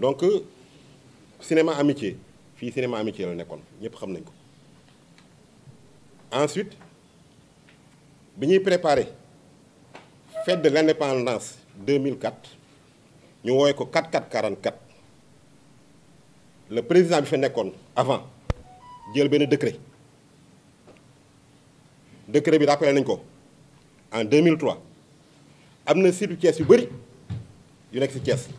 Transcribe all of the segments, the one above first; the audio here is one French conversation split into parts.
donc cinéma amitié film cinéma amitié on est ñëpp ensuite on préparer préparé fête de l'indépendance 2004 nous avons ko 4444 le président bi fa avant jël benn décret décret bi décret nañ ko en 2003 il y situ une yu Il yu nekk une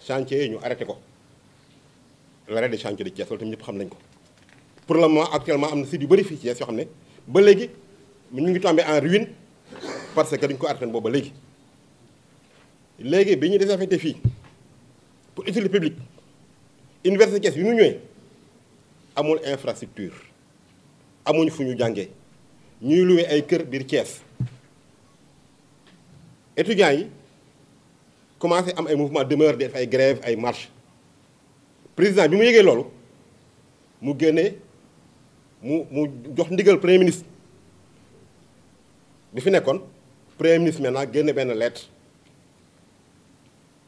chantier yi ñu arrêté ko l'arrêt des chantiers de Thiès loolu tamit ñëpp xam nañ ko pour le moment actuellement am na sites yu bëri fii Thiès yoo xam ne ba léegi ñu ngi tombé en ruine parce que dañ ko arrêté boobu ba léegi léegi bi ñu désaffecté fii pour utilité publique université Thiès yu ñu ñëwee amul infrastructure amuñ fu ñu jàngee ñuy loué ay kër biir Thiès étudiants yi commencé à un mouvement demeure des grève marches. marche président premier ministre premier ministre lettre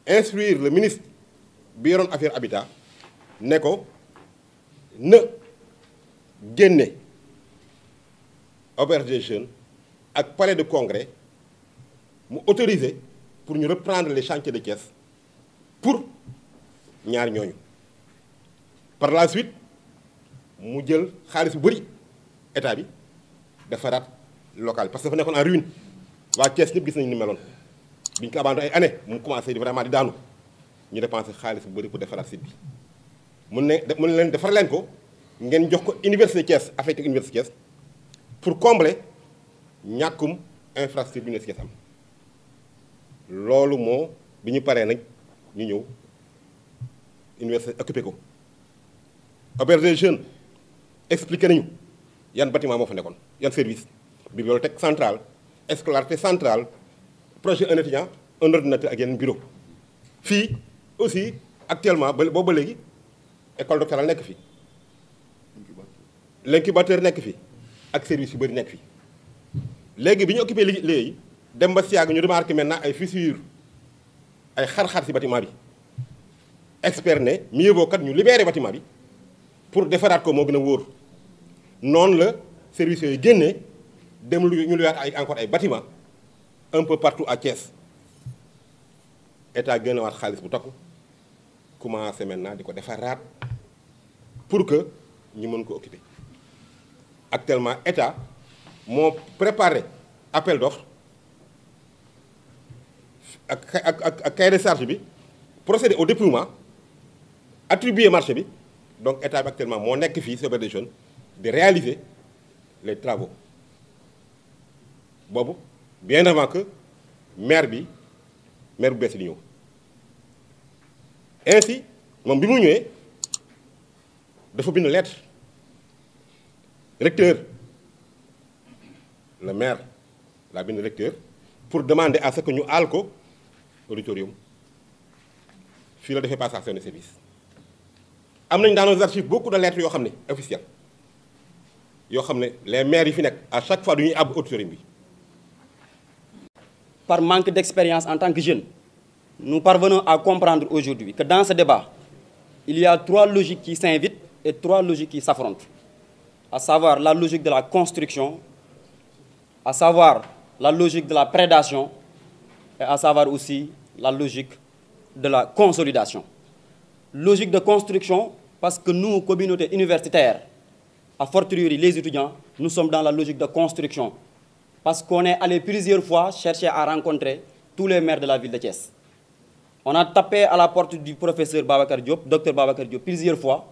instruire le ministre Biron affaire habitat ne à jeunes palais de congrès autoriser pour nous reprendre les chantiers de Thiès pour ñaar ñooñu par la suite mu jël xaalis bu bëri état bi rat local parce que dafa nekkoon en ruine waa Thiès ñëpp gis nañu ni meloon bi ko abandonné ay année mu commencé vraiment di daanu ñu dépensé xaalis bu bëri pour defaraat site bi mun ne mun leen defar leen ko ngeen jox ko université Thiès affecté université Thiès pour combler ñàkkum infrastructure bi Thiès am loolu moo bi ñu paree ñu ñëw université occupé ko auberge des jeunes nañu yan bâtiment mo fa nekkoon yan service bibliothèque centrale scolarité centrale projet un étudiant un ordinateur ak yeneen bureau fi aussi actuellement ba booba est école doctorale nek fi l'incubateur nek fi ak service yu bari nek fi légui biñu occupé légui dem ba si ñu remarqué maintenant ay fissures ay xar-xar ci bâtiment bi expert ne mieux vaut kat ñu libérer bâtiment bi pour defaraat ko mo gëna a non la services yooyu génnee dem lu ñu luyaat ay encore ay bâtiment un peu partout à Thiès état wat xaalis bu takku commencer maintenant diko ko pour que ñu mën ko occuper actuellement état mo préparé appel d'offres à de procéder au déploiement attribuer marché donc état actuellement mon équipe c'est Jeunes de réaliser les travaux bien avant que maire bi maire ne ainsi mon bi une une lettre recteur le maire la recteur pour demander à ce que nous allons auditorium fii la defee à de service am dans nos archives beaucoup de lettres officielles les maires yi à chaque fois du ñuy àbb auditorium par manque d'expérience en tant que jeune nous parvenons à comprendre aujourd'hui que dans ce débat il y a trois logiques qui s'invitent et trois logiques qui s'affrontent à savoir la logique de la construction à savoir la logique de la prédation et à savoir aussi la logique de la consolidation. Logique de construction, parce que nous, communauté universitaire, à fortiori les étudiants, nous sommes dans la logique de construction. Parce qu'on est allé plusieurs fois chercher à rencontrer tous les maires de la ville de Thiès. On a tapé à la porte du professeur Babacar Diop, docteur Babacar Diop, plusieurs fois,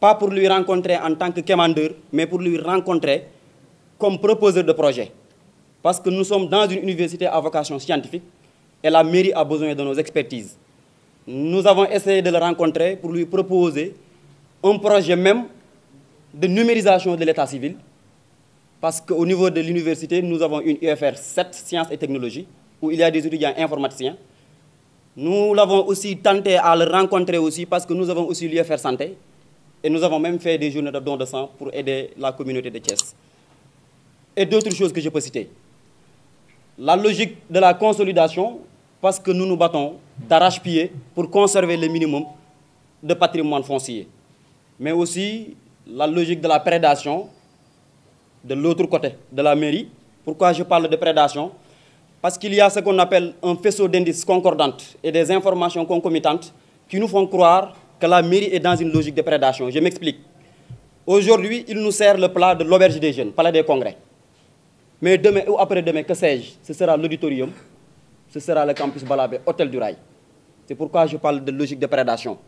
pas pour lui rencontrer en tant que commandeur, mais pour lui rencontrer comme proposeur de projet. Parce que nous sommes dans une université à vocation scientifique, et la mairie a besoin de nos expertises. Nous avons essayé de le rencontrer pour lui proposer un projet même de numérisation de l'état civil, parce qu'au niveau de l'université, nous avons une UFR 7, sciences et technologies, où il y a des étudiants informaticiens. Nous l'avons aussi tenté à le rencontrer aussi parce que nous avons aussi l'UFR santé, et nous avons même fait des journées de dons de sang pour aider la communauté de Thiès. Et d'autres choses que je peux citer. La logique de la consolidation parce que nous nous battons d'arrache-pied pour conserver le minimum de patrimoine foncier. Mais aussi la logique de la prédation de l'autre côté de la mairie. Pourquoi je parle de prédation Parce qu'il y a ce qu'on appelle un faisceau d'indices concordantes et des informations concomitantes qui nous font croire que la mairie est dans une logique de prédation. Je m'explique. Aujourd'hui, il nous sert le plat de l'auberge des jeunes, palais des congrès. Mais demain ou après-demain, que sais-je, ce sera l'auditorium ce sera le campus Balabé, hôtel du rail. C'est pourquoi je parle de logique de prédation.